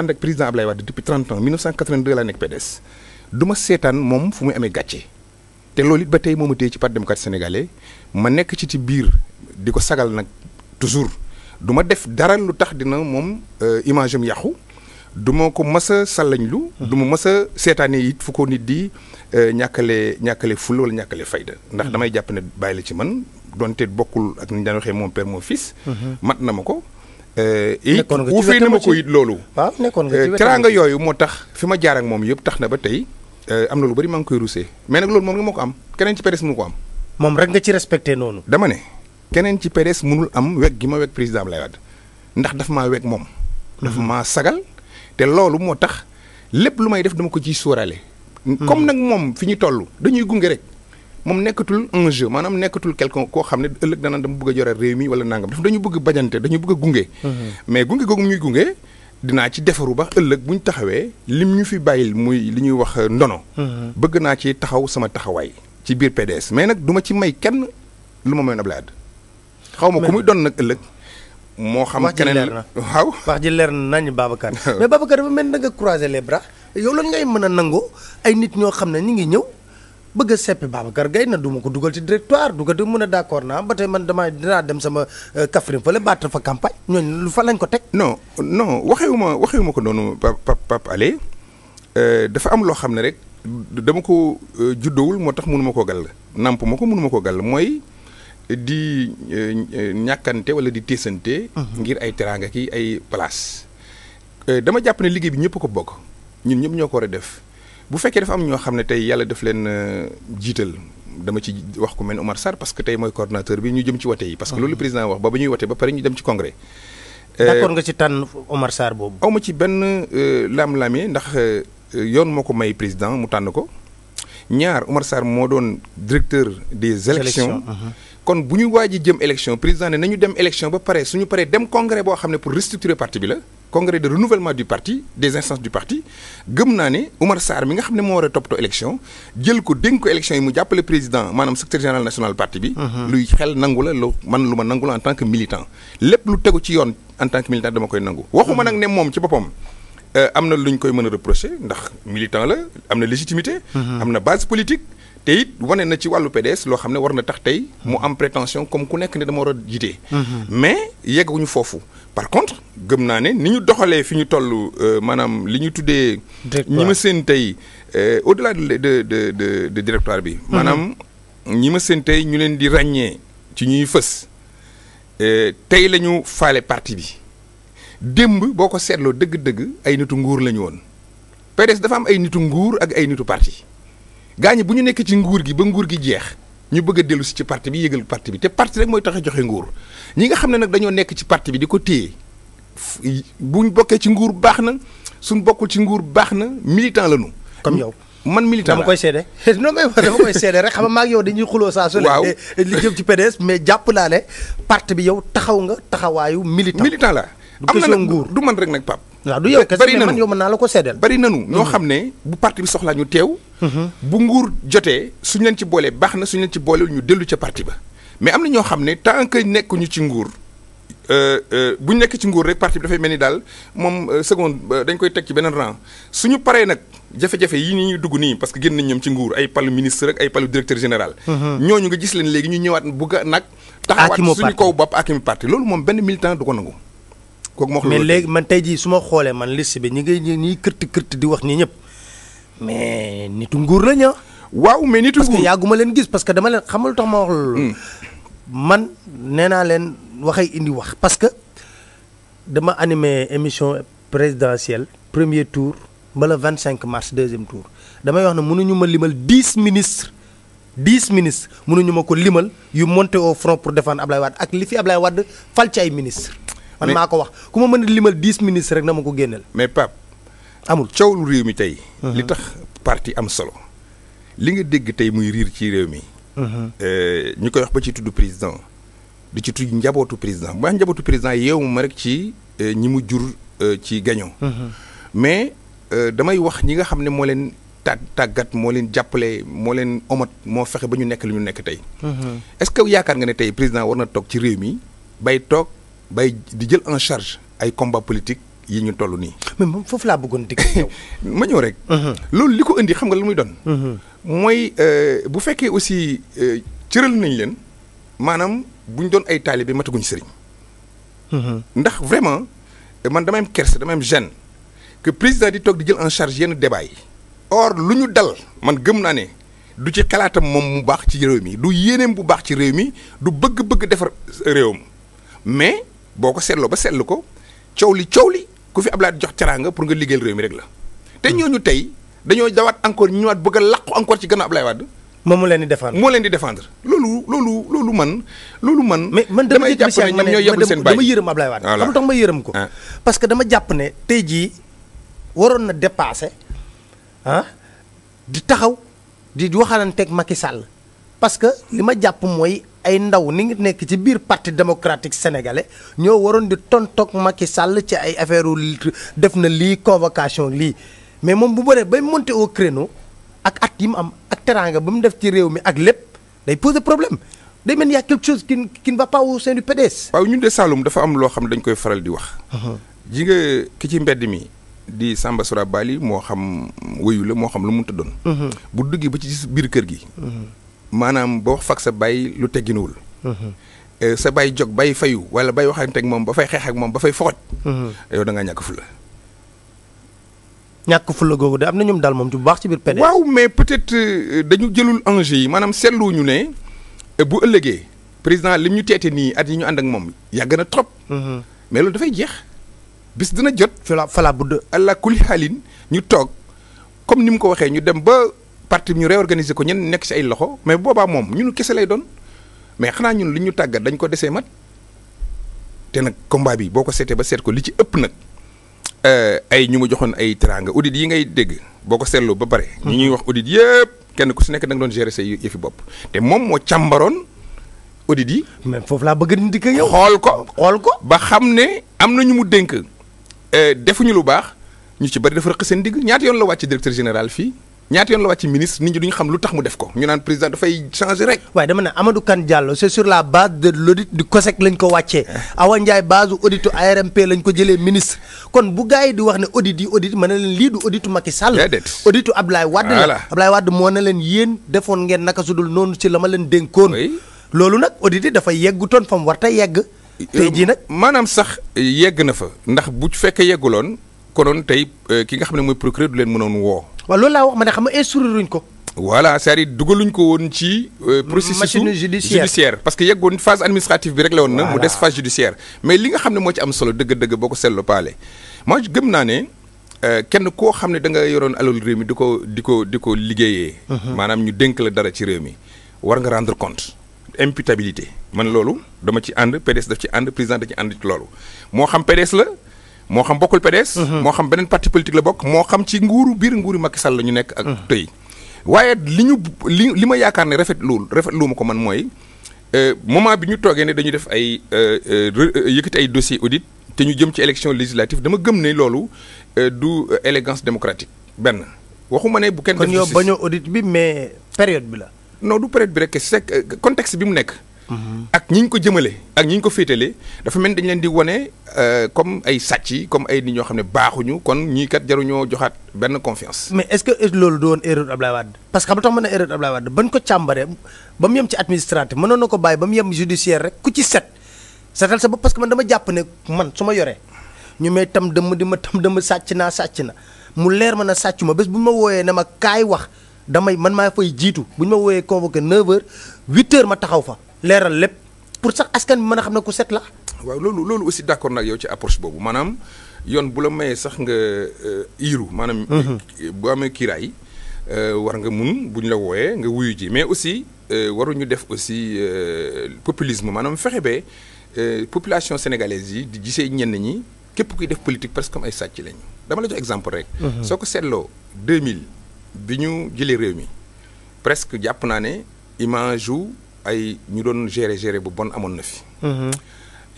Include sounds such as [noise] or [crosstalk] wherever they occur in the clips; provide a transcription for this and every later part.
ànd ak président Ablaye Wade depuis 30 ans laa nekk PDS du ma seetaan moom fu muy amee gàcce te loolu it ba tey moom a téye ci parti démocratique sénégalais ma nekk ci ci biir di ko sagal nag toujours du ma def dara lu tax dina moom euh, image am yàqu du ma ko mës a lu du ma mës a seetaane it fu ko nit di euh, ñàkkale ñàkkale fulla wala ñàkkale fayda ndax damay jàpp ne bàyyi la ci man donte bokkul ak ni ñu daan waxee mon père mhm. mat na ma ko Euh, nekkoon nga ci na ma ko it loolu. waaw nekkoon nga euh, ci yooyu moo tax fi ma jaar moom yëpp tax na ba tey euh, am na lu bari maa ngi koy rusee mais nag loolu moom nga ma ko am keneen ci PDS mënu ko am. moom rek nga ci respecté noonu. dama ne keneen ci PDS mënul am weg gi ma weg président Abdoulaye Wade ndax dafa ma weg moom. dafa mhm. maa sagal te loolu moo tax lépp lu may def dama ko ciy soorale mhm. comme nag moom fi ñu toll dañuy gunge rek. moom nekkatul un jeu maanaam nekkatul quelqu'un koo xam ne ëllëg danaa dama bugg a yore réew mi wala nangam dafa dañu bëgg bajante dañu bëgg a gunge. Mhm. mais gunge googu ñuy gunge dinaa ci defaru ba ëllëg bu ñu taxawee lim ñu fi bàyyil muy li ñuy wax ndono. Mhm. bëgg naa ci taxaw sama taxawaay. ci biir PDS mais nag duma ci may kenn lu ma mayoon Ablaye Wade. xaw ma ku muy doon nag ëllëg. moo xam keneen waaw wax ji leer nañ Babacar [laughs] mais Babacar dafa mel na nga croiser les bras yow lan ngay mën a nangoo ay nit ñoo xam ne ñu ngi ñëw. bëgg a seppi Babacar Gaye na duma ko dugal ci directoire dugal ko de mën a d'accord naa ba tey man damaa danaa dem sama euh, Kaffrine fële battre fa campagne ñooñu lu fa lañ ko teg. non non waxewuma waxewuma ko noonu Pape Pape ale euh, dafa am loo xam ne rek dama ko euh, juddowul moo tax mënuma koo gàll. namp ma ko mënuma koo gàll mooy di ñàkkante wala di téesante. Mhm. ngir ay teraanga ki ay place dama jàpp ne liggéey bi ñëpp ko bokk ñun ñëpp ñoo ko war a def. bu fekkee dafa am ñoo xam ne tey yàlla daf leen euh, jiital dama ci wax ku mel Omar Sarr parce que tey mooy coordonnateur bi ñu jëm ci wote yi. parce que mhm. loolu président wax ba ba ñuy wote ba pare ñu dem ci congrès. Euh, d'accord nga ci tànn Omar Sarr boobu. aw ma ci benn euh, laam-laamee ndax yoon moo ko may président mu tànn ko ñaar Omar moo doon directeur des élections mhm. kon bu ñu waaj a jëm élection président ne nañu dem élection ba pare suñu paree dem congrès boo xam ne pour restructurer parti bi la. congrès de renouvellement du parti des instances du parti gëm naa ne Oumar Sarr mi nga xam ne moo war a toppatoo élection jël ko dénk ko élection yi mu jàppale président maanaam secrétaire général national parti bi. Mhm. luy xel nangu la lu man lu ma nangu la en tant que militant. lépp lu tegu ci yoon en tant que militant dama koy nangu. waxuma mhm. nag ne moom ci boppam. Euh, am na lu ñu koy mën a reprocher ndax militant la am na légitimité. Mhm. am na base politique. te wane a jiite. gëm naa ne ni ñu doxalee fi ñu toll euh, maanaam li ñu tuddee. ñi ma seen tey euh, au delà de de de de directoire bi. Mhm. maanaam ñi ma seen tey ñu leen di ràññee ci ñuy fës euh, tey lañu ñu faale parti bi démb boo ko seetloo dëgg-dëgg ay nitu nguur lañu woon PDS dafa am ay nitu nguur ak ay nitu parti gaañi bu ñu nekk ci nguur gi ba nguur gi jeex. ñu bëgg a si ci parti bi yëgal parti bi te parti rek mooy tax a joxe nguur ñi nga xam ne nag dañoo nekk ci parti bi di ko téye buñ bokkee ci nguur baax na suñ bokkul ci nguur baax na militant la ñu. comme yow. man militant dama koy seede [laughs] non mais dama koy rek xam nga maa ngi yow dañuy xuloo saa su eh, ci PDS mais jàpp naa ne parti bi taxaw nga taxawaayu militant militant la am na nguur du man rek nag Pape waaw du yow kese mais man yow mën naa la ko seedeel bari nanu mm-hmm. ñoo xam ne bu parti bi soxlaa ñu teew mm-hmm. bu nguur jotee suñ leen ci boolee baax na suñ leen ci boolewul ñu dellu ca parti ba mais am na ñoo xam ne tant que nekkuñu ci nguur Euh, euh, bu ñu nekk ci nguur rek parti bi dafay mel ni daal moom euh, seconde dañ koy teg ci beneen rang suñu paree nag jafe-jafe yi ni ñuy dugg nii parce que génn nañ ñoom ci nguur ay palu ministre rek ay palu directeur général. Mhm. ñooñu nga gis leen léegi ñu ñëwaat bugg a nag. du ko nangu. kooku moo xam mais léegi man tey jii su ma xoolee man liste bi ñi ngay ñi kërti kërti di wax nii ah. tax ma wax loolu. Hmm. man nee leen waxay indi wax parce que dama animé émission présidentielle premier tour ba le 25 mars deuxième tour damay wax ne mënuñu ma limal 10 ministres 10 ministre mënuñu ma ko limal yu monté au front pour défendre Ablaye Wade ak li fi Ablaye Wade fal ci ay ministres. man maa ko wax ku ma mën a limal 10 ministre rek na ma ko génneel. mais Pape. amul coow lu réew mi tey. Uh-huh. li tax parti am solo. li nga dégg tey muy riir ci réew mi. Uh-huh. Euh, ñu koy wax ba ci tudd président. di ci tudd njabootu président bu ma njabootu président yeewu ma rek ci euh, ñi mu jur euh, ci gañoo mm-hmm. mais euh, damay wax ñi nga xam ne moo leen tà tàggat moo leen jàppale moo leen omat moo fexe ba ñu nekk li ñu nekk tey. Mm-hmm. est-ce que yaakaar nga ne tey président war na toog ci réew mi bay toog bay di jël en charge ay combat politique yi ñu toll nii. mais moom foofu laa bëggoon dikk yow. [laughs] ma ñëw rek. Mm-hmm. loolu li ko indi xam nga lu muy doon. mooy bu fekkee aussi cëral nañ leen maanaam. bu ñu doon ay taalibe mataguñu sëriñ. Mm-hmm. ndax vraiment man dama am kerse dama am que président di toog di jël en charge yenn débat or lu ñu dal man gëm naa ne du ci xalaatam moom mu baax ci réew mi du yéeneem bu baax ci réew mi du bëgg-bëgg defar réewam mais boo ko seetloo ba seetlu ko coow li coow li ku fi Ablaye jox teraanga pour nga liggéeyal réew mi rek la. te mm. ñoo ñu tey dañoo dawaat encore ñëwaat bëgg a làqu encore ci gannaaw Ablaye Wade. moom leen di défendre moo leen di défendre loolu loolu loolu man loolu man. mais man dama jàpp ne ñoom ñooy yebbu seen bàyyi dama yërëm Ablaye Wade. xam tax ma yërëm ko. Ah. parce que dama jàpp ne tey jii waroon na dépasser ah di taxaw di waxalanteeg Macky Sall parce que li ma jàpp mooy ay ndaw ni ngi nekk ci biir parti démocratique sénégalais ñoo waroon di tontoog Macky Sall ci ay affaire def na lii convocation lii mais moom bu bëree bay monter au créneau. ak at yi mu am ak teraanga ba mu def ci réew mi ak lépp day poser problème day mel y a quelque chose qui qui ne va pas au waaw ñun de Saloum dafa am loo xam dañ koy faral di wax. Uh-huh. ji nga ki ci mbedd mi di Samba Sura Bali moo xam wéyu la moo xam lu mënta doon. Uh-huh. bu duggee ba ci biir kër gi. Uh-huh. maanaam ba wax fak sa bàyyi lu tegginuwul. Eh, sa bàyyi jog bàyyi fayu wala bàyyi waxanteeg moom ba fay xeex ak moom ba fay foxoj. yow da ngaa ñàkk fu ñàkk fulla googu de am na ñoom daal moom ci bu baax ci biir PDS. waaw mais peut euh, dañu jëlul enjeu yi maanaam seetlu ñu ne euh, bu ëllëgee président lim ñu teete nii at yi ñu ànd ak moom yàgg na trop. Mhm. mais loolu dafay jeex bis dina jot. fala fala de allah kulli xaalin ñu toog comme ni mu ko waxee ñu dem ba parti bi ñu organiser ko ñenn nekk ci ay loxo mais boobaa moom ñun kese lay doon mais xanaa ñun li ñu tàggat dañ ko desee mat te nag combat bi boo ko seetee ba seet li ci ëpp nag. Euh, ay ñu ma joxoon ay teraanga audit yi ngay dégg boo ko seetloo ba pare. ñu ñuy wax audit yëpp kenn ku si nekk nag nga doon gérer say yëfi bopp te moom moo càmbaroon audit yi. mais foofu laa bëgg di ko yow. xool ko xool ko. ba xam ne am na ñu mu dénk euh, defuñu lu baax ñu ci bari dafa rëq seen digg ñaata yoon la wàcc directeur général fii. ñaata yoon la wàcc ministre nit ñi duñu xam lu tax mu def ko ñu naan président dafay changer rek. waaye dama ne Amadou Kane Diallo c'est sur la base de l'audit du COSEC lañ ko wàccee eh. Awa Ndiaye base auditu ARMP lañ ko jëlee ministre kon bu gars yi di wax ne audit yi audit ma ne leen lii du auditu Macky Sall. déedéet auditu Abdoulaye Wade la Abdoulaye Wade moo ne leen yéen defoon ngeen naka su dul noonu ci la ma leen dénkoon. loolu nag audit yi dafa yeggutoon fa mu war a jii nag euh, maanaam sax yegg na fa ndax bu fekkee yegguloon konoon tey euh, ki nga xam ne mooy procureur du leen mënoon woo waaw loolu laa wax ma ne xam nga instruiruñ ko. voilà c'est-à-dire dugaluñ ko woon ci. Euh, processus judiciaire parce que yeggoon phase administrative bi rek la woon na. mu des phase judiciaire mais li nga xam ne moo ci am solo dëgg-dëgg boo ko seetloo paale. moi gëm naa ne euh, kenn koo xam ne da nga yoroon alalu réew mi di ko di ko di ko liggéeyee. Mhm. maanaam ñu dénk la dara ci réew mi war nga rendre compte. imputabilité man loolu dama ci ànd PDS daf ci ànd président da ci ànd ci loolu moo xam PDS la. moo xam bokkul PDS. Mhm. moo xam beneen parti politique la bokk moo xam ci nguuru biir nguuru Macky Sall la ñu nekk. ak mhm. tey waaye li ñu li li ma yaakaar ne rafet lu rafet lu ma ko man mooy euh, moment bi ñu toogee ne dañu def ay euh, euh, yëkkati ay dossier audit te ñu jëm ci élection législative dama gëm ne loolu du élégance démocratique benn waxuma ne bu kenn. def kon yow bañoo audit bi mais période bi la. noonu du période bi rek c'est contexte bi mu nekk. ak ñi ñu ko jëmale ak ñi ñu ko féetale dafa mel dañ leen di wane euh, comme ay sàcc comme ay nit ñoo xam ne baaxuñu kon ñii kat jaruñoo joxaat benn confiance. mais est-ce que loolu doon erreur Abdoulaye Wade parce que xam nga tax mën a erreur Abdoulaye Wade bañ ko càmbaree ba mu yem ci administratif mënoon na ko bàyyi ba mu yem judiciaire rek ku ci set setal sa ba parce que man dama jàpp ne man su ma yoree ñu may tam dëmm di ma tam dëmm sàcc naa sàcc na mu leer ma na sàcc ma bés bu ma wooyee ne ma kaay wax damay man maa fay jiitu bu ñu ma wooyee convoqué 9h ma taxaw fa leeral lépp pour sax askan bi mën a xam ne ku set la. waaw loolu loolu aussi d'accord nag yow ci approche boobu maanaam yoon bu la mayee sax nga euh, iiru maanaam. Mhm. bu amee kiiraay euh, war nga mun bu ñu la wooyee nga wuyu ji mais aussi euh, waruñu def aussi populisme maanaam fexe ba population sénégalaise yi di gisee ñenn ñi képp kuy def politique presque comme ay sàcc lañ dama la jox exemple rek. Mhm. soo ko seetloo 2000 bi ñu jëlee réew mi presque jàpp naa ne image yu. ay ñu doon gérer gérer bu bon amoon na fi. ñu mhm.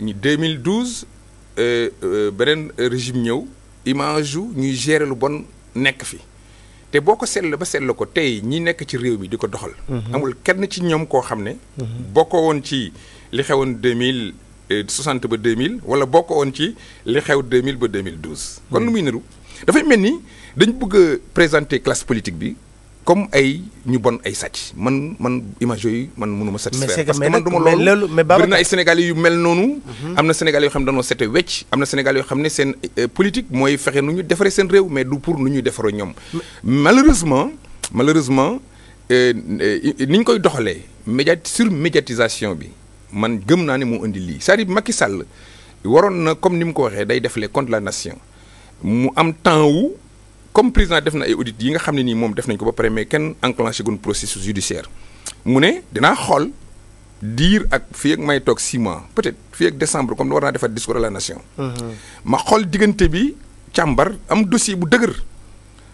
mille 2012 euh, euh, beneen régime ñëw image yu ñuy gérer lu bon nekk fi te boo ko seetlee ba seetla ko tey ñi nekk ci réew mi di ko doxal. Mhm. amul kenn ci ñoom koo xam ne. Mhm. bokkoo woon ci li xewoon 2000 60 ba deux 2000 wala bokkoo woon ci li xew mille ba 2012. kon lu muy niru dafay mel ni dañ bëgg a présenter classe politique bi. comme ay ñu bon ay sàcc man man image yooyu man mënuma satisfaire parce que man duma loolu bëri na ay sénégalais yu mel noonu mhm. am na sénégalais yoo xam ne dañoo sete wecc am na sénégalais yoo xam ne seen euh, politique mooy fexe nu ñu defaree seen réew mais du pour nu ñuy defaroo ñoom malheureusement malheureusement euh, euh, ni ñu koy doxalee média sur médiatisation bi man gëm naa ne moo indi lii c'est-à-dire Macky waroon na comme ni mu ko waxee day def les comptes de la nation mu am temps wu comme président def na ay audit yi nga xam ne nii moom def nañ ko ba pare mais kenn enclenché gun processus judiciaire mu ne dinaa xool diir ak fii ak may toog 6 peut-être fii ak décembre comme war naa defar discours à la nation. Mm-hmm. ma xool diggante bi càmbar am dossier bu dëgër.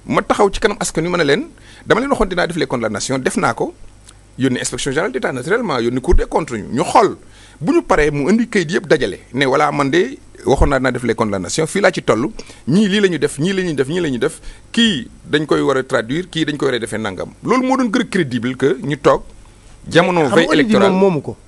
ma taxaw ci kanam askan wi ma ne leen dama leen waxoon dinaa def les comptes de la nation def naa ko yónni inspection générale d'État naturellement yónni cour des comptes ñu ñu xool bu ñu paree indi kayit yëpp dajale ne voilà man de waxoon naa naa def la condamnations fii laa ci toll ñii lii la ñu def ñii la ñuy def ñii la def kii dañ koy war a traduire kii dañ koy war a defee nangam loolu moo doon gën a crédible que ñu toog jamono veille électorale moomu ko